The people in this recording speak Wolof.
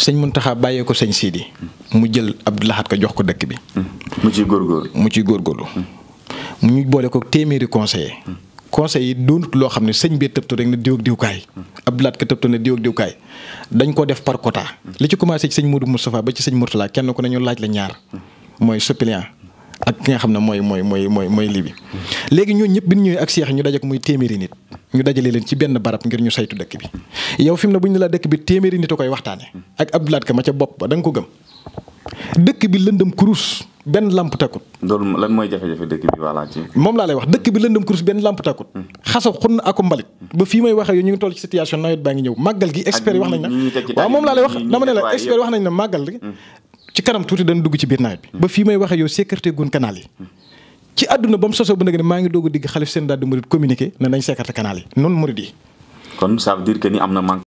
sëñ Muntaxa bàyyee ko sëñ Sidi mu jël Abdou Lahad Ka jox ko dëkk bi. mu ciy góorgóorlu mu ciy góorgóorlu. ñu boole ko téeméeri conseiller conseil yi doonut loo xam ne sëñ bi tëbtu rek ne diw ak diwkaay Abdou Lahad Ka tëbtu ne diw ak diwkaay dañ ko def par quota li ci commencé ci sëñ Modou Moustapha ba ci sëñ Mourtala kenn ko ne ñu laaj la ñaar mooy suppléant ak ki nga xam ne mooy mooy mooy mooy mooy lii bi léegi ñooñu ñëpp bi ñu ñëwee ak seex ñu dajak muy téeméeri nit ñu dajale leen ci benn barab ngir ñu saytu dëkk bi yow fi mu ne bu ñu la dëkk bi téeméeri nit koy waxtaane ak Abdoulaat Ka ma ca ko gëm dëkk bi lëndëm kurus benn lamp takkut. loolu lan mooy jafe-jafe dëkk bi voilà dëkk bi lëndëm kurus benn lamp takkut. Hmm. xasa xun ako mbalit. ba fii may waxee yow ñu ngi toll ci situation nawet baa ngi ñëw màggal gi. expert wax nañ na waaw moom laa lay wax dama ne la expert wax nañ na màggal gi. Hmm. ci kanam tuuti dañ dugg ci biir nawet bi. Mm. ba fii may waxee yow sécurité gun canal yi. Mm. ci àdduna ba mu sosoo ba nag ne maa ngi doog a digg xalif seen daal di murid communiqué ne nañ sécurité canal yi noonu murid yi. kon ça veut dire que ni am na manque.